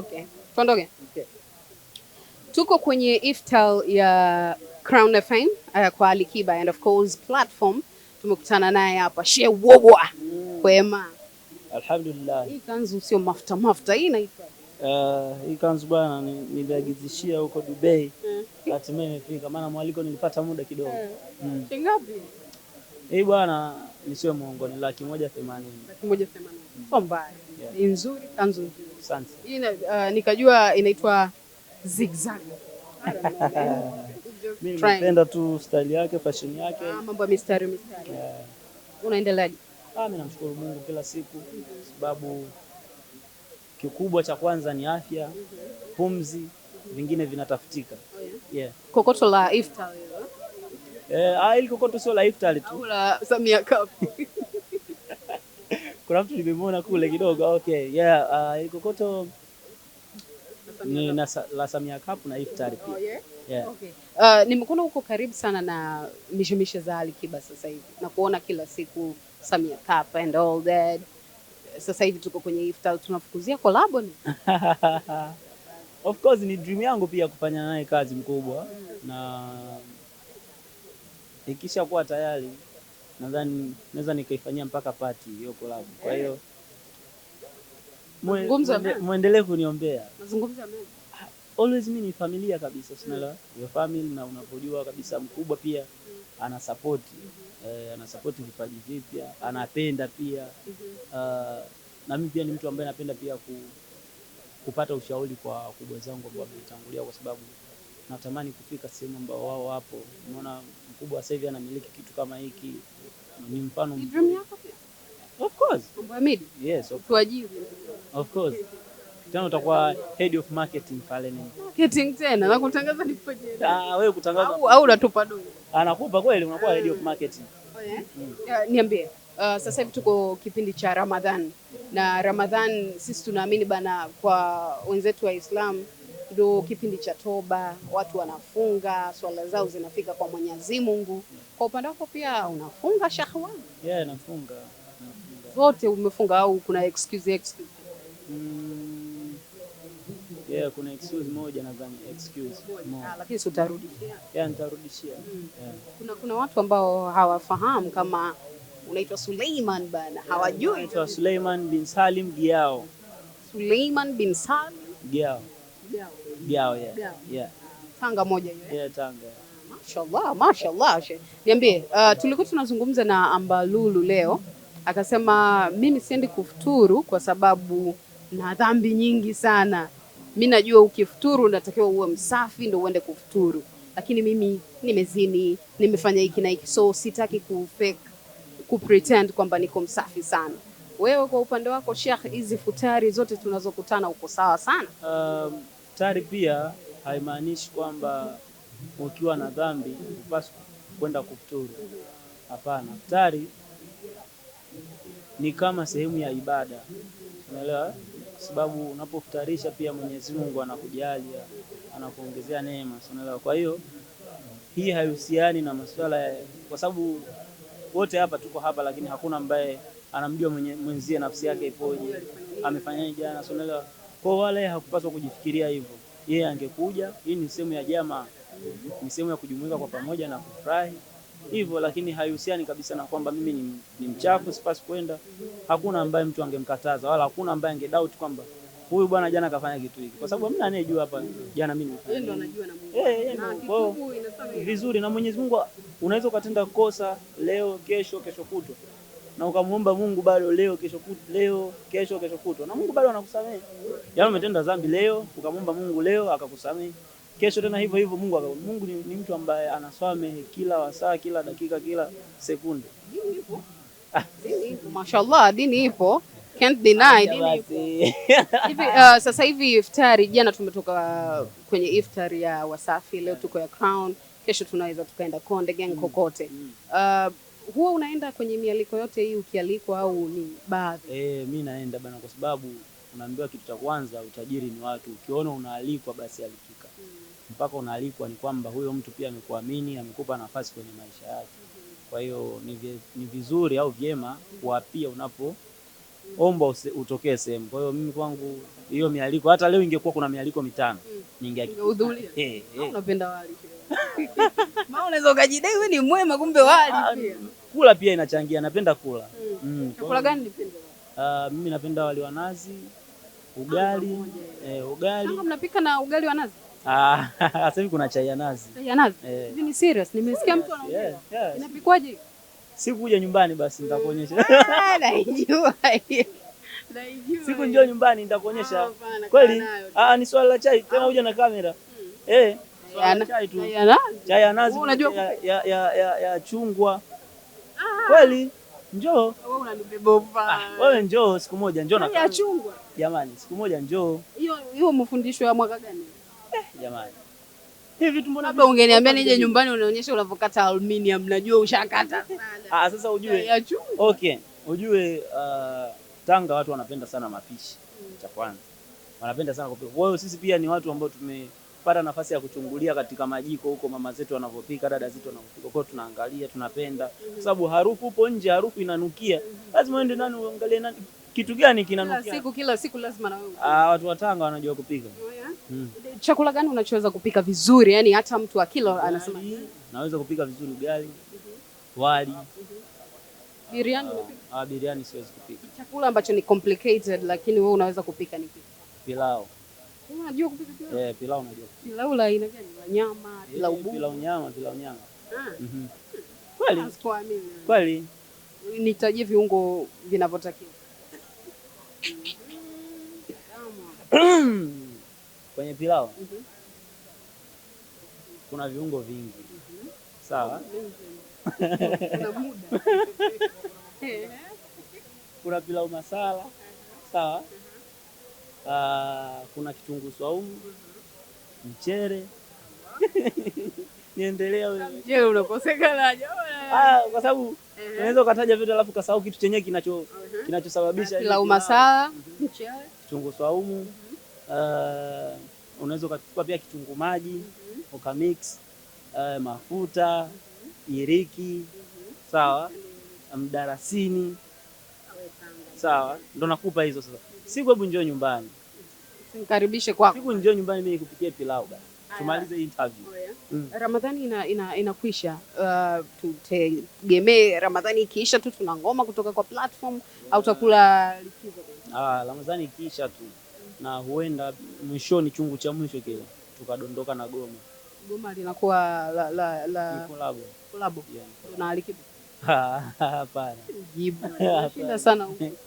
Okay. Tuondoke. Okay. Tuko kwenye iftar ya Crown FM uh, eh, kwa Alikiba and of course platform tumekutana naye hapa Sheikh Wogwa. Mm. Kwema. Alhamdulillah. Hii kanzu sio mafuta mafuta hii inaitwa. Uh, hii kanzu bwana niliagizishia huko Dubai. Hatimaye mm. imefika maana mwaliko nilipata muda kidogo. Mm. mm. Shingapi? Hii bwana nisiwe muongo ni laki moja themanini. Laki moja themanini. Sio mbaya. Ni nzuri kanzu nzuri. Asante. Hii Uh, nikajua inaitwa zigzag. Mimi napenda tu style yake, fashion yake. Ah, mambo ya mistari mistari. Yeah. Unaendeleaje? Ah, mimi namshukuru Mungu kila siku sababu kikubwa cha kwanza ni afya, pumzi, vingine vinatafutika. Oh, Yeah. Yeah. Kokoto la iftar hilo. Eh? eh, ah, ile kokoto sio la iftar tu. Au la Samia Cup. kuna mtu nimemwona kule kidogo okay. Yeah, uh, Ikokoto ni na la Samia Cup na iftari pia. Oh, yeah? Yeah. Okay. Uh, nimekuona huko karibu sana na mishemishe za Kiba sasa hivi na kuona kila siku Samia Cup and all that. Sasa hivi tuko kwenye iftar tunafukuzia collab ni Of course ni dream yangu pia kufanya naye kazi mkubwa, mm. na ikishakuwa tayari nadhani naweza nikaifanyia mpaka pati hiyo collab. Kwa hiyo muendelee kuniombea. Always mimi ni familia kabisa, unaelewa? Your family na unavojua kabisa mkubwa pia ana support. Eh, ana support vipaji vipya, anapenda pia. Uh, na mimi pia ni mtu ambaye napenda pia ku, kupata ushauri kwa wakubwa zangu ambao wametangulia kwa sababu natamani kufika sehemu ambao wao wapo. Unaona mkubwa sasa hivi anamiliki kitu kama hiki, ni mfano of course. Yes, of course. Of course. Tena utakuwa head of marketing pale nini? Marketing tena na kutangaza ni kwa je? Ah, wewe kutangaza au au unatupa doni? Anakupa kweli unakuwa head of marketing. Oh, yeah. Mm. Niambie. Uh, sasa hivi tuko kipindi cha Ramadhan na Ramadhan sisi tunaamini bana kwa wenzetu wa Islam ndo kipindi cha toba, watu wanafunga, swala zao zinafika kwa Mwenyezi Mungu. Kwa upande wako pia unafunga shahwa? Yeah, nafunga. Nafunga. Wote umefunga au kuna excuse excuse? Mm. Yeah, kuna excuse moja nadhani excuse moja. Ah, lakini si utarudishia? Yeah, nitarudishia. Mm. Yeah. Kuna kuna watu ambao hawafahamu kama unaitwa Suleiman bana, hawajui. Yeah, Unaitwa Suleiman bin Salim Giao. Suleiman bin Salim Giao. Gao, yeah. Yeah. Tanga moja hiyo. Yeah, eh? Tanga. Ah, mashallah, mashallah. Niambie, uh, tulikuwa tunazungumza na Ambalulu leo akasema mimi siendi kufuturu kwa sababu na dhambi nyingi sana. Mi najua ukifuturu unatakiwa uwe msafi ndo uende kufuturu, lakini mimi nimezini, nimefanya hiki na hiki, so sitaki ku kupretend kwamba niko msafi sana. Wewe kwa upande wako Sheikh, hizi futari zote tunazokutana uko sawa sana? um, hatari pia haimaanishi kwamba ukiwa na dhambi hupaswi kwenda kufuturu. Hapana, iftari ni kama sehemu ya ibada, unaelewa? Sababu unapofutarisha pia Mwenyezi Mungu anakujalia, anakuongezea neema, unaelewa? Kwa hiyo hii haihusiani na masuala ya, kwa sababu wote hapa tuko hapa, lakini hakuna ambaye anamjua mwenzie nafsi yake ipoje, amefanyaje jana, unaelewa? Kwa wale hakupaswa kujifikiria hivyo, yeye angekuja. Hii ni sehemu ya jamaa, ni sehemu ya kujumuika kwa pamoja na kufurahi hivyo, lakini haihusiani kabisa na kwamba mimi ni, ni mchafu sipasi kwenda. Hakuna ambaye mtu angemkataza wala hakuna ambaye angedoubt kwamba huyu bwana jana kafanya kitu hiki, kwa sababu hamna anayejua hapa jana. Mimi yeye ndo anajua na Mungu eh, yeye vizuri. Na Mwenyezi Mungu, unaweza ukatenda kosa leo, kesho, kesho kutwa na ukamwomba Mungu bado leo kesho kutu, leo kesho kesho kutwa, na Mungu bado anakusamehe. Yaani umetenda dhambi leo ukamwomba Mungu leo akakusamehe, kesho tena hivyo hivyo Mungu Mungu ni, ni mtu ambaye anasamehe kila wasaa, kila dakika, kila sekunde. Ah. Mashallah, dini ipo. Can't deny dini uh, sasa hivi iftari, jana tumetoka kwenye iftari ya Wasafi, leo tuko ya Crown, kesho tunaweza tukaenda Konde Gang mm. kokote mm. uh, huwa unaenda kwenye mialiko yote hii ukialikwa au ni baadhi? Eh, mi naenda bana, kwa sababu unaambiwa kitu cha kwanza utajiri ni watu. Ukiona unaalikwa basi alikika. mm. mpaka unaalikwa ni kwamba huyo mtu pia amekuamini, amekupa nafasi kwenye maisha yake. mm. kwa hiyo ni vizuri au vyema mm-hmm. pia unapo omba utokee sehemu. Kwa hiyo mimi kwangu hiyo mialiko, hata leo ingekuwa kuna mialiko mitano mm. ningehudhuria. Hey, eh, hey. Eh. Unapenda wali maana unaweza ukajidai wewe ni mwema, kumbe wali ah, pia Kula pia inachangia, napenda kula. Mm. Mm. Chakula gani unapenda? Uh, mimi napenda wali wa nazi, ugali, ah, eh, ugali. Kama mnapika na ugali wa nazi? Ah, sasa hivi kuna chai ya nazi. Chai ya nazi. Eh. Ni serious, nimesikia mtu anaongea. Inapikwaje? Siku kuja nyumbani basi nitakuonyesha. Ah, naijua. Naijua. Siku njoo nyumbani nitakuonyesha. Ah, Kweli? Ah, ni swala la chai tena uje na kamera. Hmm. Eh. Chai tu. Chai ya nazi. Unajua ya ya ya chungwa. Kweli, njoo ah, wewe, njoo siku moja, njoo na yaani chungwa. Jamani, siku moja njoo. Hiyo hiyo mfundisho ya mwaka gani? Eh, jamani hivi vitu mbona, labda ungeniambia nije nyumbani, unaonyesha unavyokata aluminium. Najua ushakata sana. Ah, sasa ujue ya chungwa. Okay, ujue uh, Tanga watu wanapenda sana mapishi mm. Cha kwanza wanapenda sana kupika. Kwa hiyo sisi pia ni watu ambao tume pata nafasi ya kuchungulia katika majiko huko, mama zetu wanavyopika, dada zetu wanavyopika, kwa tunaangalia, tunapenda, kwa sababu harufu, upo nje, harufu inanukia, lazima uende nani uangalie nani kitu gani kinanukia. Kila siku kila siku lazima na wewe. Ah, watu wa Tanga wanajua kupika. Oh, hmm. Eh, chakula gani unachoweza kupika vizuri, yani hata mtu wa kilo anasema naweza kupika vizuri ugali, mm-hmm. wali. Biriani ah, unapika? Ah, biriani siwezi kupika. Chakula ambacho ni complicated lakini wewe unaweza kupika ni kipi? Pilau. Unajua kupika pilau? Eh, pilau Pilau la aina gani? nyama, eh, pilau bubu. Pilau nyama, pilau nyama. Ah. Mhm. Kweli? Kweli. Nitajie viungo vinavyotakiwa. Kwenye pilau mhm. kuna viungo vingi. Mhm. Sawa. Kuna pilau masala. Sawa. Eh uh, kuna kitunguu saumu mchere niendelea wewe, unakosekana ah, kwa sababu unaweza ukataja vitu alafu kasahau kitu chenyewe kinacho uh -huh. kinachosababisha pilau masala, mhm. mchele, kitunguu uh, mhm. ah, unaweza ukachukua pia kitunguu maji uh mhm. -huh. ukamix uh, eh, mafuta iriki uh -huh. sawa mdarasini sawa, ndo nakupa hizo sasa Siku hebu njoo nyumbani. Nikaribishe kwako. Siku njoo nyumbani mimi nikupikie pilau basi. Tumalize interview. Mm. Ramadhani ina, ina, inakwisha. Uh, tutegemee Ramadhani ikiisha tu tuna ngoma kutoka kwa platform yeah. Au tutakula likizo? Ah, Ramadhani ikiisha tu mm. Na huenda mwishoni, chungu cha mwisho kile tukadondoka na goma. Goma linakuwa la la la kolabo. Kolabo. Yeah. na Tunaalika. Hapana. Jibu. Shida sana huko.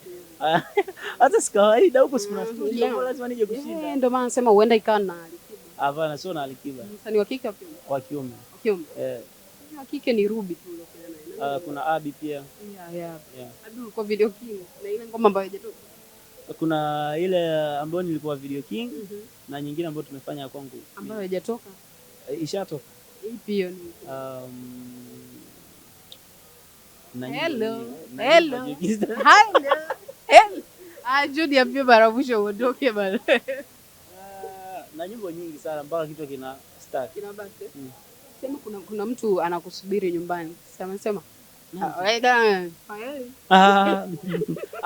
hata sikawaida huko mm, lazima nije kushinda. Eh, ndio maana nasema huenda ikawa na Alikiba. Hapana, sio na Alikiba. Msanii wa kike wa kiume. Wa kiume. Eh. Wa kike ni Ruby tu ile kuna. Ah, kuna Abi pia. Yeah, yeah. Abi uko video king na ile ngoma ambayo haijatoka. Kuna ile ambayo nilikuwa video king mm -hmm. na nyingine ambayo tumefanya kwangu ambayo haijatoka. Eh, ishatoka. Ipi hiyo ni? Um, Hello. Hello. Hello. Eh? Ah, Judy, ambie Maramusho uondoke bana. Ah, na nyimbo nyingi sana mpaka kitu kina stack. Kina baki. Mm. Sema kuna kuna mtu anakusubiri nyumbani. Sema sema. Ah,